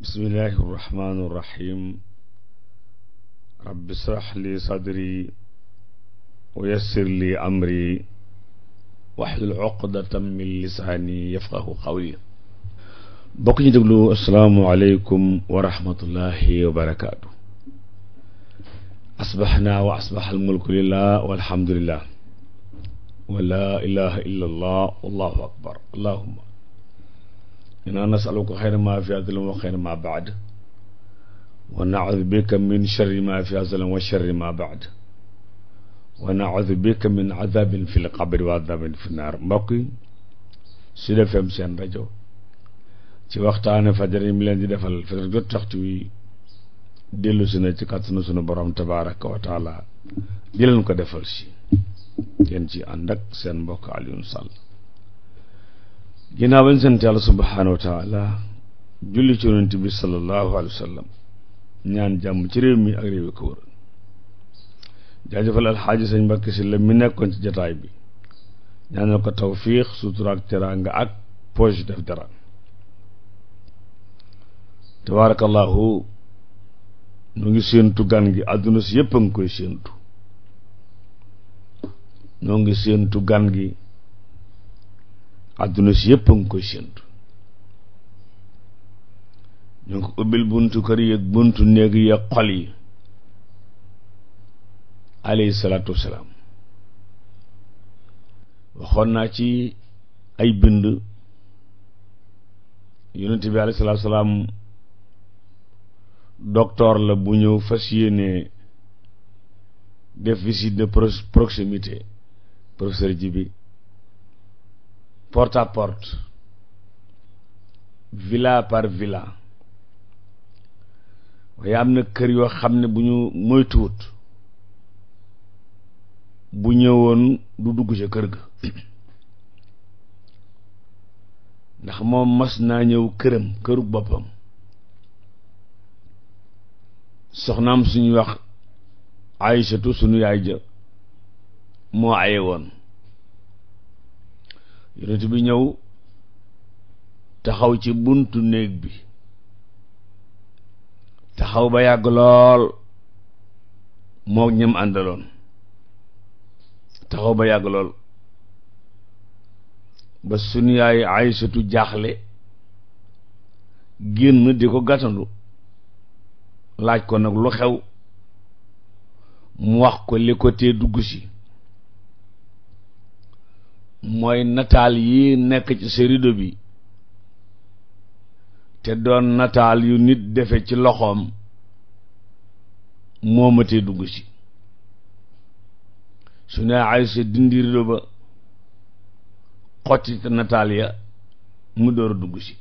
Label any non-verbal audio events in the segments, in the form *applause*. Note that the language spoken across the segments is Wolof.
bismillahi irrahmani irrahim rabbi israh li sadri wa yassir li amri waxlul uqdatan min lisaani yafqahu qawli bokk ñu déglu asalaamualeykum wa rahmatullahi wa barakaatu asbaxnaa wa asbax almulku lillah walhamdulillah wa laa ilaha illa allah wallahu akbar allahuma inaa nasaluka xayra ma fi hada wa xayra ma baad wa naudu bika min sharri ma fi hada wa sharri ma baad wa naudu bika min adabin fi lqabri wa adabin fi naar mbokk yi Sud FM seen rajo ci waxtaane fajar yi leen di defal fajar jot waxtu wi dellu si na ci kàttanu sunu borom tabaraka wa taala di leen ko defal si ngeen ci ànd ak seen mbokk Alioune Sall ginnaaw bañ sant yàlla subhaanahu wa taala julli ci yonent bi sallallahu alayhi wa ñaan jàmm ci réew mi ak réew yi ko wër jaajëfal alxaaji sëñ Mbàkke si la mi nekkoon ci jataay bi ñaanal ko tawfiix sutura ak teraanga ak poche def dara tabaarakallahu ñu ngi séentu gan gi àdduna si yëpp a ngi koy séentu ñoo ngi séentu gan gi àdduna si yëpp a koy séentu ñu ngi ko ubbil buntu kër yi buntu néeg yi ak xol yi alayhi salaatu waxoon naa ci ay bind yonent bi alayhi salaam wasalaam la bu ñëw fas yéene def visite de proximité professeur ji porte à porte villa par villa waaye am na kër yoo xam ne bu ñu moytuwut bu ñëwoon du dugg ca kër ga ndax moom mas naa ñëw këram këru boppam soxnaam suñuy wax Aysatu suñu yaay ja moo aye woon yonent bi ñëw taxaw ci buntu néeg bi taxaw ba yàgg lool moo ñëm àndaloon taxaw ba yàgg lool ba sunu yaay Aysatu jaaxle génn di ko gàttandu laaj ko nag lu xew mu wax ko li ko tee dugg si mooy nataal yii nekk ci sa rido bi te doon nataal yu nit defe ci loxoom moomatee dugg si su ne Aysa dindi rido ba xotti nataal ya mu dóor a dugg si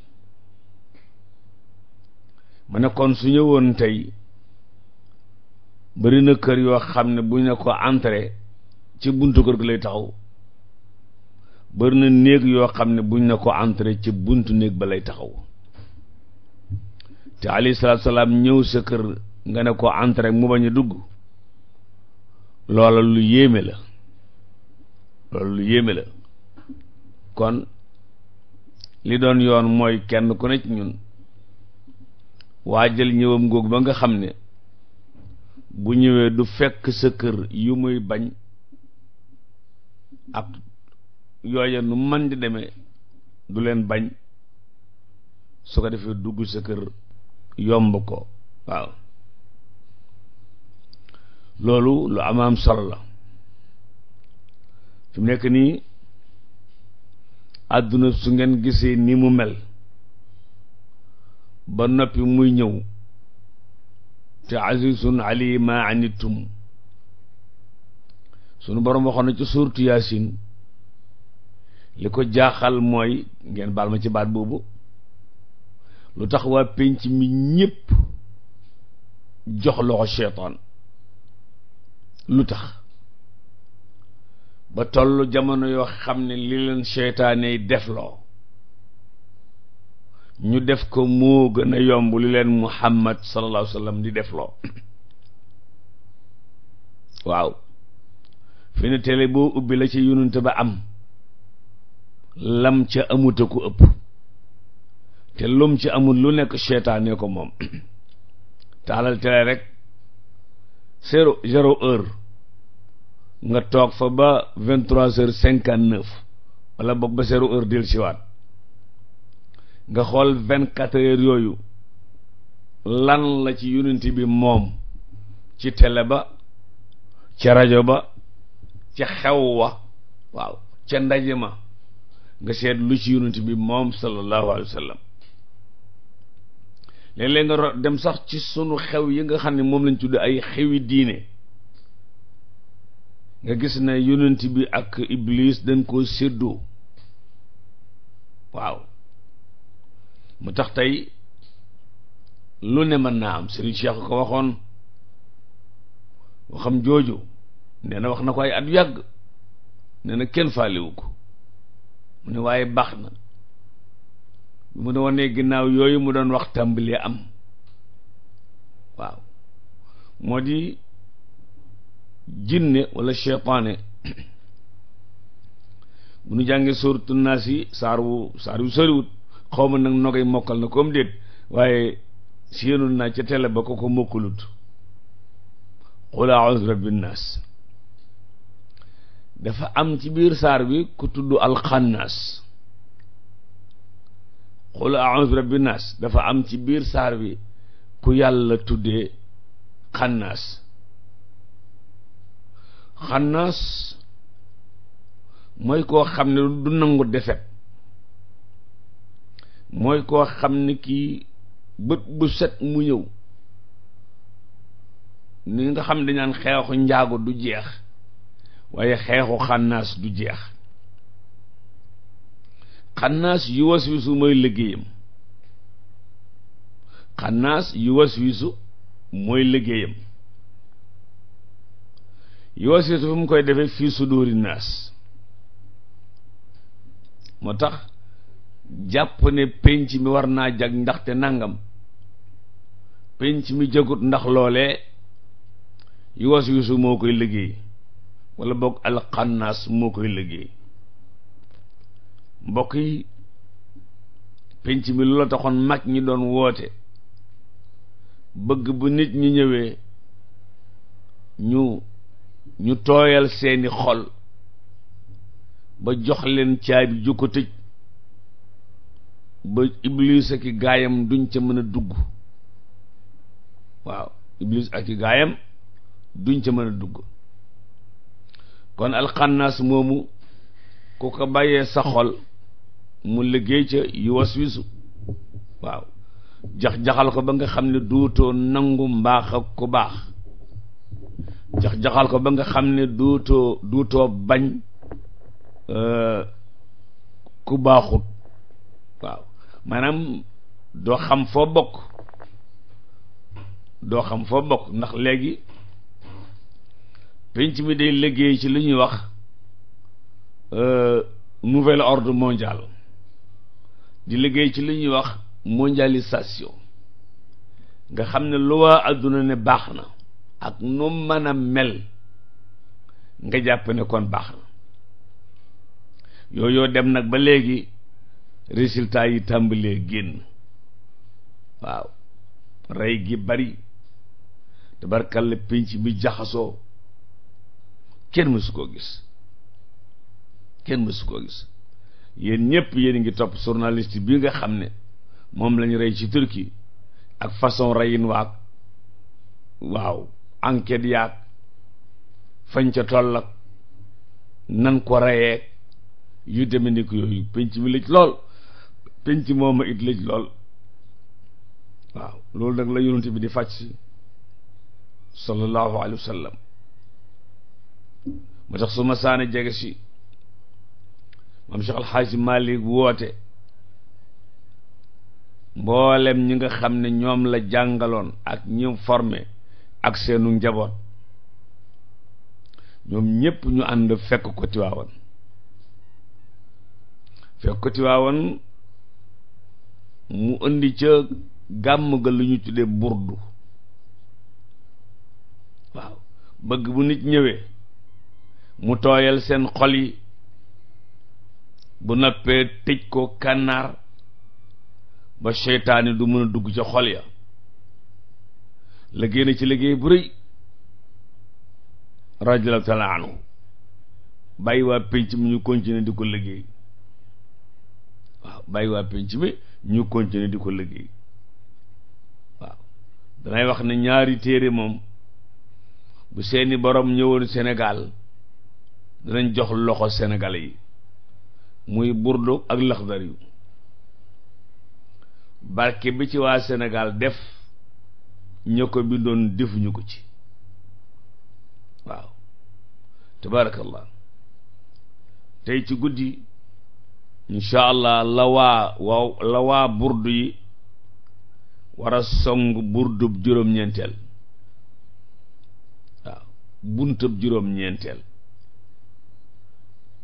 ma ne kon su ñëwoon tey bari na kër yoo xam ne bu ñu ne ko entré ci buntu kër gi lay taxaw bari na néeg yoo xam ne buñ ne ko entré ci buntu néeg ba lay taxaw te alayhi ñëw sa kër nga ne ko entré mu bañ dugg loola lu yéeme la loolu lu yéeme la kon li doon yoon mooy kenn ku ne ci ñun jël ñëwam googu ba nga xam ne bu ñëwee du fekk sa kër yu muy bañ ak yooya nu man di demee du leen bañ su ko defee dugg sa kër yomb ko waaw loolu lu amaam solo la fi mu nekk nii àdduna su ngeen gisee nii mu mel ba noppi muy ñëw te azizun ali ma anittum sunu borom waxoon na ci suurtu yaasin li ko jaaxal mooy ngeen baal ma ci baat boobu lu tax waa pénc mi ñépp jox loxo seytaan lu tax ba tollu jamono yoo xam ne li leen def loo ñu def ko moo gën a yomb li leen muhammad sallallahu alayhi wa sallam di defloo waaw fi ne télé boo ubbi la ci yonent ba am lam ca amut a ko ëpp te lum ci amul lu nekk seytaane ko moom *clears throat* taalal tele rek nga toog fa ba vingt trois heures wala boog ba zéro heure del siwaat nga xool vingt quatre yooyu lan la ci unité bi moom ci tele ba ca rajo ba ca xew wa waaw ca ndaje ma nga seet lu ci yonent bi moom sallallahu alayhi wa sallam léeg-léeg nga dem sax ci sunu xew yi nga xam ne moom lañ tudd ay xewi diine nga gis ne yonent bi ak iblis dañ koo séddoo waaw mu tax tey lu ne mën naa am Serigne Cheikh ko waxoon waxam jooju nee na wax na ko ay at yàgg nee na kenn faaliwu ko mu ne waaye baax na mu ne wonee ginnaaw yooyu mu doon wax tàmbali am waaw moo di jinne walla cheytaane bu nu jàngee suuratu naas yi saar wu saar wu soriwut xaw ma nag nogay mokkal na comme déet waaye si yéenul naa ca tele ba ko ko mokkalut qul a'uudu bi rabbi naas dafa am ci biir saar bi ku tudd alxannaas xul a'uuzu bi rabbi naas dafa am ci biir saar bi ku yàlla tuddee xannaas xannaas mooy koo xam ne du nangu defet mooy koo xam ne kii bët bu set mu ñëw ni nga xam dañaan xeexu njaago du jeex waaye xeexu xannaas du jeex xannaas yu waswisu mooy liggéeyam xannaas yu waswisu mooy liggéeyam yu waswisu fu mu koy defee fii sudóori moo tax jàpp ne penc mi war naa jag ndaxte nangam penc mi jagut ndax loole yu wisu moo koy liggéey wala boog alxannaas moo koy liggéey mbokk yi penc mi loola taxoon mag ñi doon woote bëgg bu nit ñi ñëwee ñu ñu tooyal seeni xol ba jox leen caabi ju ko tëj ba iblis ak i gaayam duñ ca mën a dugg waaw iblis ak i gaayam duñ ca mën a dugg kon alxannaas moomu ku ko bàyyee sa xol mu liggéey ca yu was wisu waaw jax-jaxal ko ba nga xam ne duutoo nangu mbaax ak ku baax jax-jaxal ko ba nga xam ne duutoo duutoo bañ euh, ku baaxut waaw maanaam doo xam foo bokk doo xam foo bokk ndax léegi penc mi day liggéey ci lu ñuy wax euh, nouvel ordre mondial di liggéey ci li ñuy wax mondialisation nga xam ne lu waa àdduna ne baax na ak nu mën a mel nga jàpp ne kon baax na yooyu dem nag ba léegi résultat yi tàmbalee génn waaw rey gi bari tabarkalla pénc bi jaxasoo kenn su koo gis kenn mësu koo gis yéen ñëpp yéen ngi topp journaliste bi nga xam ne moom lañu rey ci Turquie ak façon reyin waag waaw enquête yaag fañ ca toll nan ko reyeeg yu deme ni ko yooyu penc mi lëj lool penc mooma it lëj lool waaw loolu nag la yonent bi di fàcc sallallahu alayhi wa sallam moo tax su ma saane jege si maam Cheikh Alxaaji Malik woote mboolem ñi nga xam ne ñoom la jàngaloon ak ñi formé ak seenu njaboot ñoom ñépp ñu ànd fekk ko Tiwaawan fekk ko Tiwaawan mu indi ca gàmm ga lu ñu tuddee burdu waaw bëgg bu nit ñëwee mu tooyal seen xol yi bu noppee tëj ko kànnaar ba seytaane du mën a dugg ca xol ya liggéey na ci liggéey bu rëy radiallahu taala anhu bàyyi waa pénc mi ñu continuer di ko liggéey waaw bàyyi waa pénc mi ñu continuer di ko liggéey waaw danay wax ne ñaari téere moom bu seeni boroom ñëwoon senegaal danañ jox loxo Sénégalais yi muy burdu ak laxdar yu barke bi ci waa Sénégal def ña ko bindoon defuñu ko ci waaw tabaarakallah tey ci guddi incha allah la waa waaw la waa burdu yi war a song burdub juróom-ñeenteel waaw buntub juróom-ñeenteel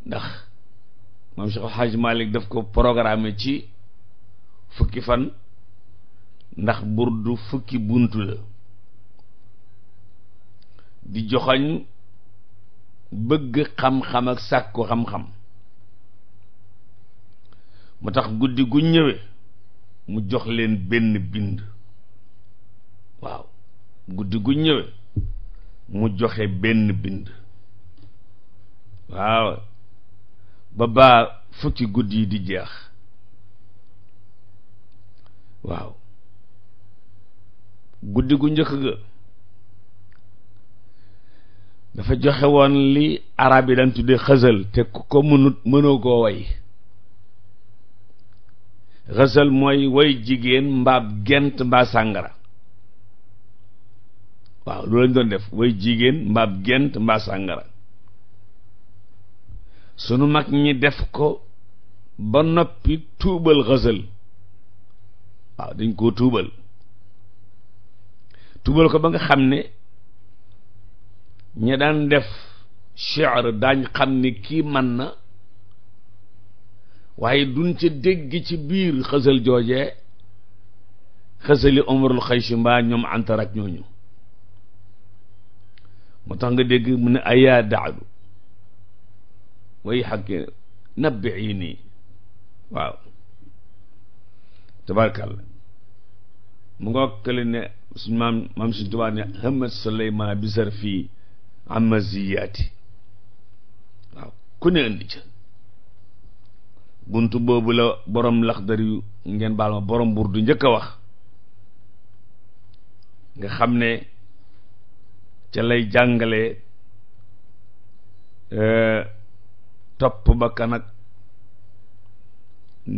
ndax moom Cheikh Hadj Malick daf ko programme ci fukki fan ndax burdu fukki bunt la di joxoñ bëgg xam-xam ak sàkku xam-xam mu tax guddi gu ñëwee mu jox leen benn bind waaw guddi gu ñëwee mu joxe benn bind waaw ba baa fukki guddi yi di jeex waaw guddi gu njëkk ga dafa joxe woon li arab yi daan tuddee xësal te ku ko mënut mënoo koo way xësal mooy woy jigéen mbaab gent mbaa sàngara waaw loolu lañ doon def way jigéen mbaab gent mbaa sàngara sunu mag ñi def ko ba noppi tuubal xësal waaw dañ koo tuubal tuubal ko ba nga xam ne ñi daan def shi'r daañ xam ne kii man na waaye duñ ca dégg ci biir xësal joojee xësali omarul xaysi mbaa ñoom antarak ñooñu moo tax nga dégg mu ne ayaa daadu way xakke nabbi yi waaw tabarkàlla mu nga kële ne suñ maam maam suñ tubaab ne hammat Suleymaan bi sarfi ziyaati waaw ku ne andi ca bunt boobu la borom laxdar yu ngeen baal ma borom bur du njëkk a wax nga xam ne ca lay jàngale euh, topp bakkan ak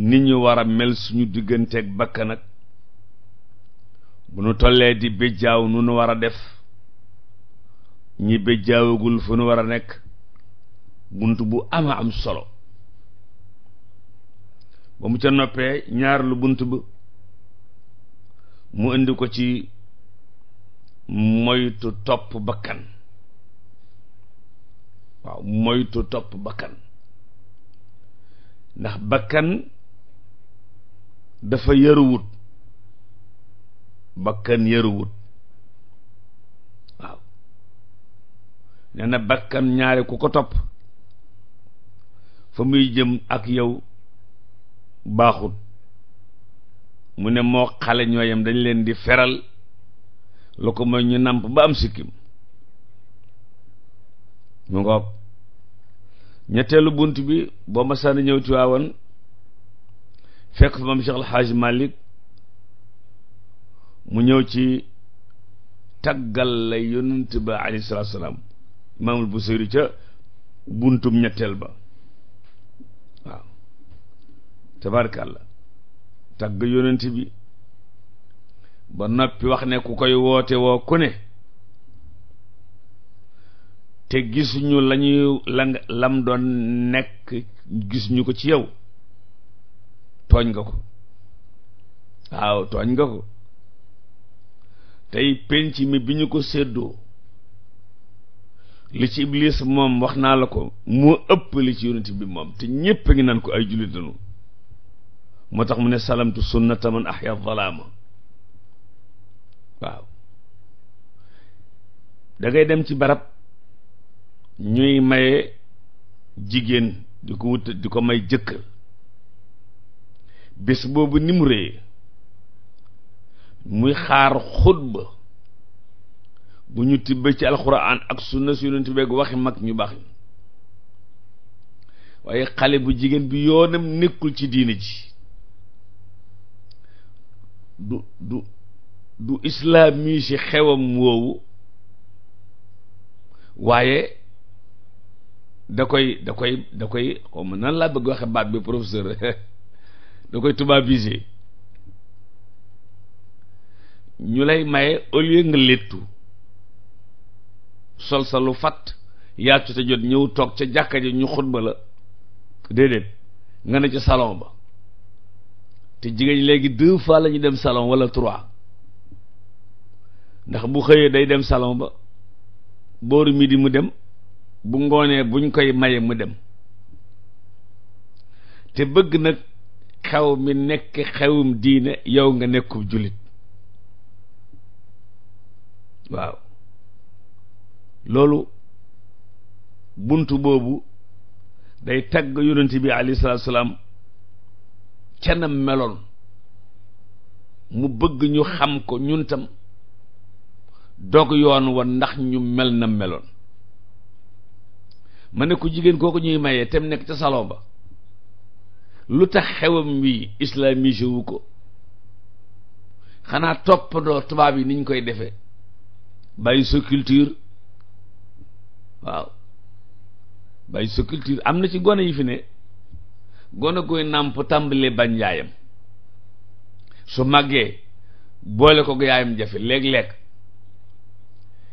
nit ñu war a mel suñu digganteeg bakkan ak bu nu tollee di béjjaaw nu nu war a def ñi béjjaawagul fu nu war a nekk bunt bu ama am solo ba mu ca noppee ñaar lu bunt bi mu indi ko ci moytu topp bakkan waaw moytu topp bakkan ndax bakkan dafa yëruwut bakkan yëruwut waaw nee bakkan ñaari ku ko topp fa muy jëm ak yow baaxut mu ne moo xale ñooyam dañ leen di feral lu ko mooy ñu nàmp ba am sikkim mu ngoog ñetteelu bunt bi boo masaana ñëw Tiwaawan fekk fa maam Cheikh Al Hadj Malick mu ñëw ci taggal la yonent ba alayhi salaam imaamul Busiri ca buntum ñetteel ba waaw tabaarkàlla tagg yonent bi ba noppi wax ne ku koy woote woo ku ne te gisuñu lañuy la lam doon nekk gisuñu ko ci yow tooñ nga ko waaw tooñ nga ko tey penc mi bi ñu ko seddoo li ci iblis moom wax naa la ko mu ëpp li ci yonent bi moom te ñépp a ngi naan ko ay jullit lañu moo tax mu ne salamtu sunnata man ahya zalaama waaw da dem ci barab ñuy maye jigéen di ko wut di ko may jëkkër bés boobu ni mu réye muy xaar xutba bu ñu tibbee ci alxuraan ak sunna su yonent beeg waxi mag ñu baax ñi waaye xale bu jigéen bi yoonam nekkul ci diine ji du du du islaam mii si xewam woowu waaye da koy da koy da koy xaw nan laa bëgg waxe baat bi professeur *laughs* da koy tubaabisé ñu lay maye au nga léttu sol sa lu fat yàccu te jot ñëw toog ca jàkka ja ñu xutba la déedéet nga ne ca salon ba te jigéen léegi deux fois la ñu dem salon wala troit ndax bu xëyee day dem salon ba booru di mu dem bu ngoonee buñ koy maye mu dem te bëgg nag xew mi nekk xewum diine yow nga nekkub jullit waaw loolu bunt boobu day tagg yonent bi alayhi salaatu salaam canam meloon mu bëgg ñu xam ko ñun tam dog yoon wa ndax ñu mel na meloon ma ne ko jigéen kooku ñuy mayee tem nekk ca salon ba lu tax xewam wi islamisé wu ko xanaa toppadoo tubaab yi niñ koy defee bay sa culture waaw bàyyi sa culture am na ci gone yi fi ne gone koy nàmp tàmbalee bañ yaayam su màggee boole ko yaayam jafe léeg-léeg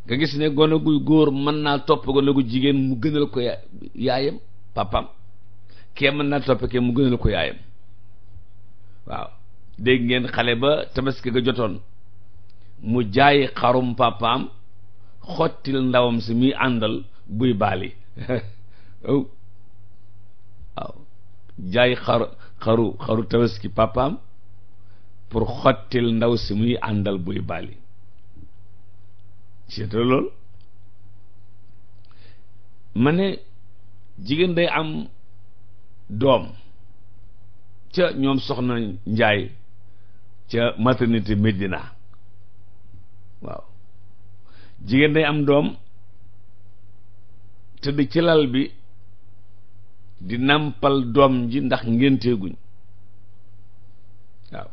nga gis ne gone guy góor mën naa topp gone gu jigéen mu gënal ko yaayam papam kee mën naa topp kee mu gënal ko yaayam waaw dégg ngeen xale ba tabaski ga jotoon mu jaay xarum papaam xottil ndawam si muy àndal buy baali *laughs* waaw jaay xaru xaru tabaski papaam pour xottil ndaw si muy àndal buy baali seetal lool ma ne jigéen day am doom ca ñoom soxna njaay ca maternité Medina waaw jigéen day am doom tëdd ci lal bi di nàmpal doom ji ndax ngénteeguñ waaw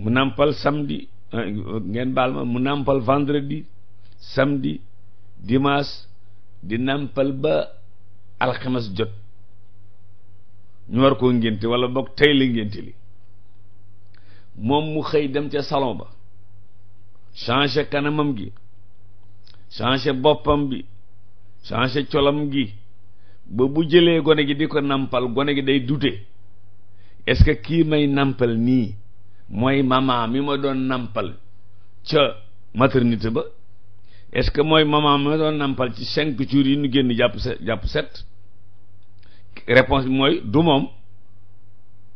mu nàmpal samedi ngeen baal ma mu nàmpal vendredi samedi dimanche di nàmpal ba alxames jot ñu war koo ngénte wala boog tey la ngénte li moom mu xëy dem ca salon ba changé kanamam gi changé boppam bi changé colam gi ba bu jëlee gone gi di ko nàmpal gone gi day dute est-ce que kii may nàmpal nii mooy maman mi ma doon nampal ca maternité ba est-ce que mooy maman mi ma doon nampal ci cinq jours yi ñu génn jàpp jàpp set réponse mooy du moom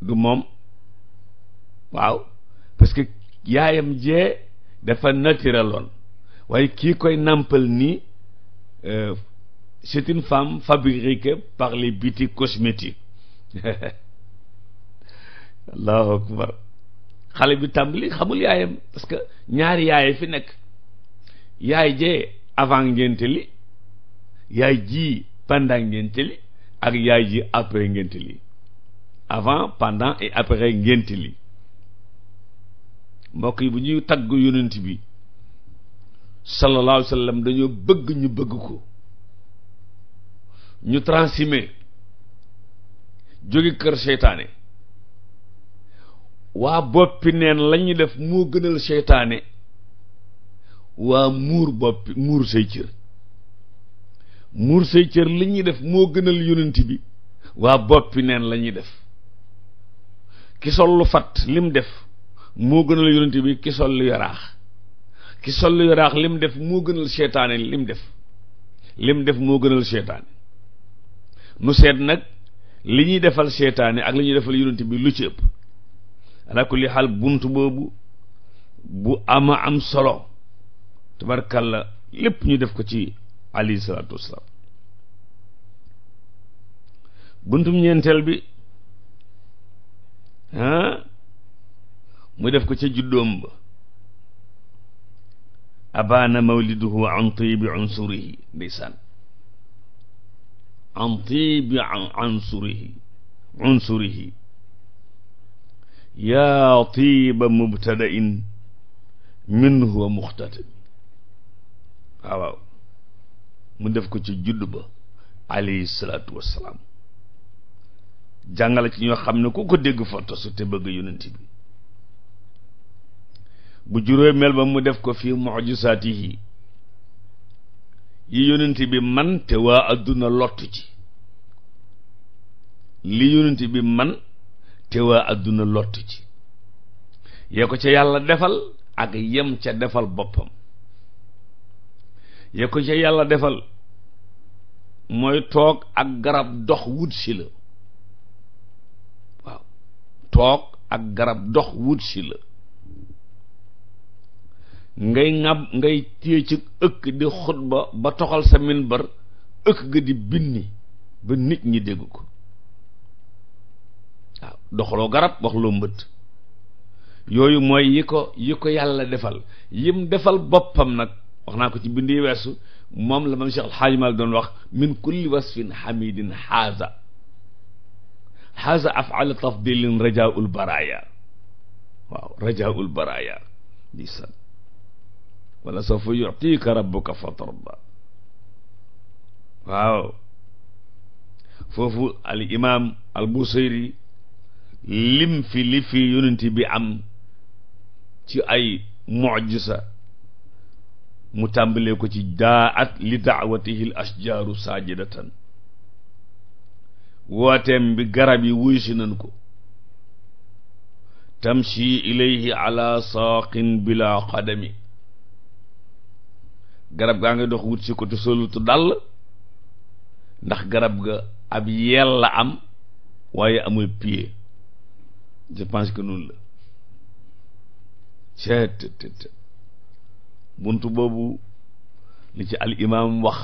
du moom waaw parce que yaayam jee dafa naturel woon waaye kii koy nàmpal nii euh, c'est une femme fabriquée par les beauty cosmétiques *laughs* allahu akbar xale bi tàmbali xamul yaayam parce que ñaari yaay fi nekk yaay jee avant ngénte li yaay ji pendant ngénte li ak yaay ji après ngénte li avant pendant et après ngénte li mbokk yi bu ñuy tagg yonent bi sallallahu alayhi wa sallam dañoo bëgg ñu bëgg ko ñu transhumé jóge kër seytaane waa boppi neen lañuy def moo gënal seetaane waa muur boppi muur say cër muur say cër li ñuy def moo gënal yonent bi waa boppi neen lañuy def ki sol lu fat lim def moo gënal yonent bi ki sol lu ki sol lu yaraax lim def moo gënal seytaane lim def lim def moo gënal seytaane nu seet nag li ñuy defal seytaane ak li ñuy defal yonent bi lu ci ëpp ala kulli xaal bunt boobu bu ama am solo tabarkàlla lépp ñu def ko ci alayhi salaatu wasalaam buntum ñeenteel bi ah mu def ko ca juddoom ba abaana mawliduhu an tibi ansurihi ndeysaan an tibi ansurihi ansurihi yaa tiiba mubtada min huwa muxtata waaw waaw mu def ko ci judd ba alayhi salaatu wassalaam jàngale ci ñoo xam ne ku ko dégg fa tosu te bëgg yonent bi bu juróomeel ba mu def ko fi mujisaatihi yi yonent bi man te waa adduna lottu ci li yonent bi man te waa àdduna lottu ci yee ko ca yàlla defal ak yem ca defal boppam yee ko ca yàlla defal mooy toog ak garab dox wut si la toog ak garab dox wut si la ngay ŋab ngay téye ci ëkk di xutba ba toxal sa minbar ëkk ga di ni ba nit ñi dégg ko doxaloo garab waxloo mbëtt yooyu mooy yi ko yi ko yàlla defal yi mu defal boppam nag wax naa ko ci bind yi weesu moom la mam Cheikh Alxaaji Maalik doon wax min kulli wasfin xamidin xaaza xaaza afala tafdilin rajaul baraya waaw rajaul baraya lisan wala sawfa yutika rabbuka fatarda waaw foofu al imam al busayri lim fi li fi yonent bi am ci ay mucjisa mu tàmbalee ko ci daat li daawatihi l ashjaaru saajidatan wooteem bi garab yi wuy si nan ko tamshi ilayhi ala saaqin bila qadami garab gaa ngi dox wut si ko te solutu dàll ndax garab ga ab yel la am waaye amul pied je pense que noonu la cet tet buntu boobu li ci al imaam wax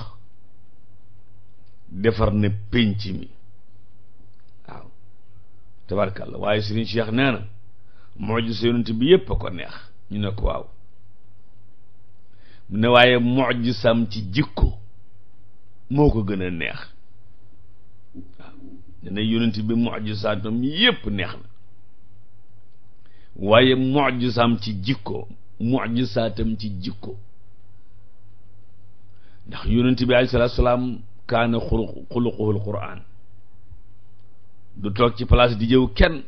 defar ne pénc mi waaw tabarkàlla waaye Serigne Cheikh nee na mojisa yonent bi yépp a ko neex ñu ne ko waaw mu ne waaye mojisam ci jikko moo ko gën a neex waaw dana yonent bi mojisaatam yépp neex na waaye mujjisaam ci jikko mujjisaatam ci jikko ndax yonent bi alayhi salaatu salaam kaana xuluquhul quraan du toog ci place di jëw kenn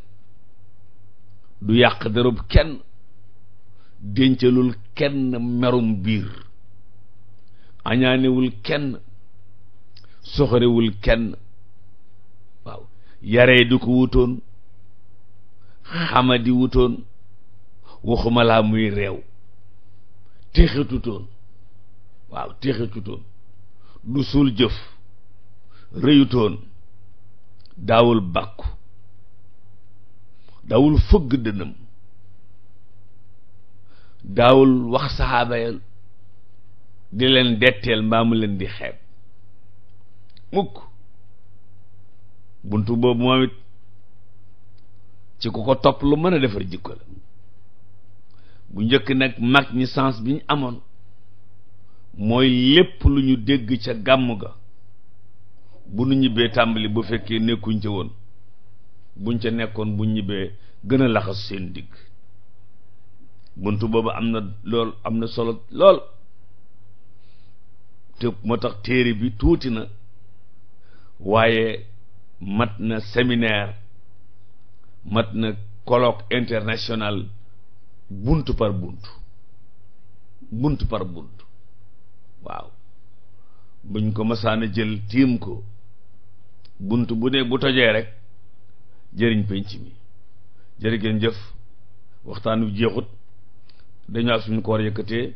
du yàq derub kenn déncalul kenn merum biir añaanewul kenn soxorewul kenn waaw yaree du ko wutoon xamadi wutoon waxuma laa muy réew téexatutoon waaw téexatutoon du suul jëf rëyutoon daawul bàkku daawul fëgg dënam daawul wax saxaaba ya di leen detteel mbaa mu leen di xeeb mukk buntu boobu moom ci ku ko topp lu mën a defar jikko la bu njëkk nag mag ñi sens bi ñu amoon mooy lépp lu ñu dégg ca gàmm ga bu nu ñibbee tàmbali bu fekkee nekkuñ ca woon buñ ca nekkoon bu ñibbee gën a laxas seen digg buntu boobu am na lool am na solo lool te moo tax téere bi tuuti na waaye mat na séminaire mat na colloque international bunt par bunt bunt par bunt waaw buñ ko masaana jël tiim ko bunt bu ne bu tojee rek jëriñ penc mi jërë jëf waxtaan wi jeexut dañu suñu koor yëkkatee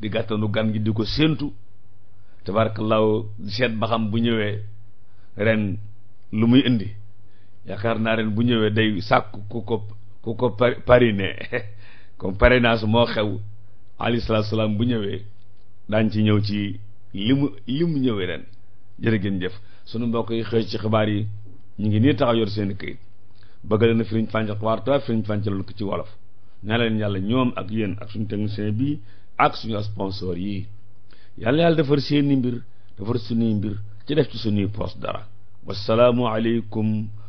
di gàttanu gan gi di ko séentu tabarakallaahu seet ba xam bu ñëwee ren lu muy indi yaakaar naa ren bu ñëwee day sàkk ku ko ku ko parrainé naa *laughs* parrainage moo xew alayhi salaatu salaam bu ñëwee daañ ci ñëw ci li mu li mu ñëwee ren jërë ngeen jëf sunu mbokk yi xëy ci xibaar yi ñu ngi nii taxaw yor seen i këyit bëgg leen firiñ fàncal xibaar ta firiñ fàncalul ko ci wolof ñaa leen yàlla ñoom ak yéen ak suñu technicien bii ak suñu sponsor yi yàlla yàlla defar seeni mbir defar suñuy mbir ci def ci suñuy poste dara wasalaamu aleykum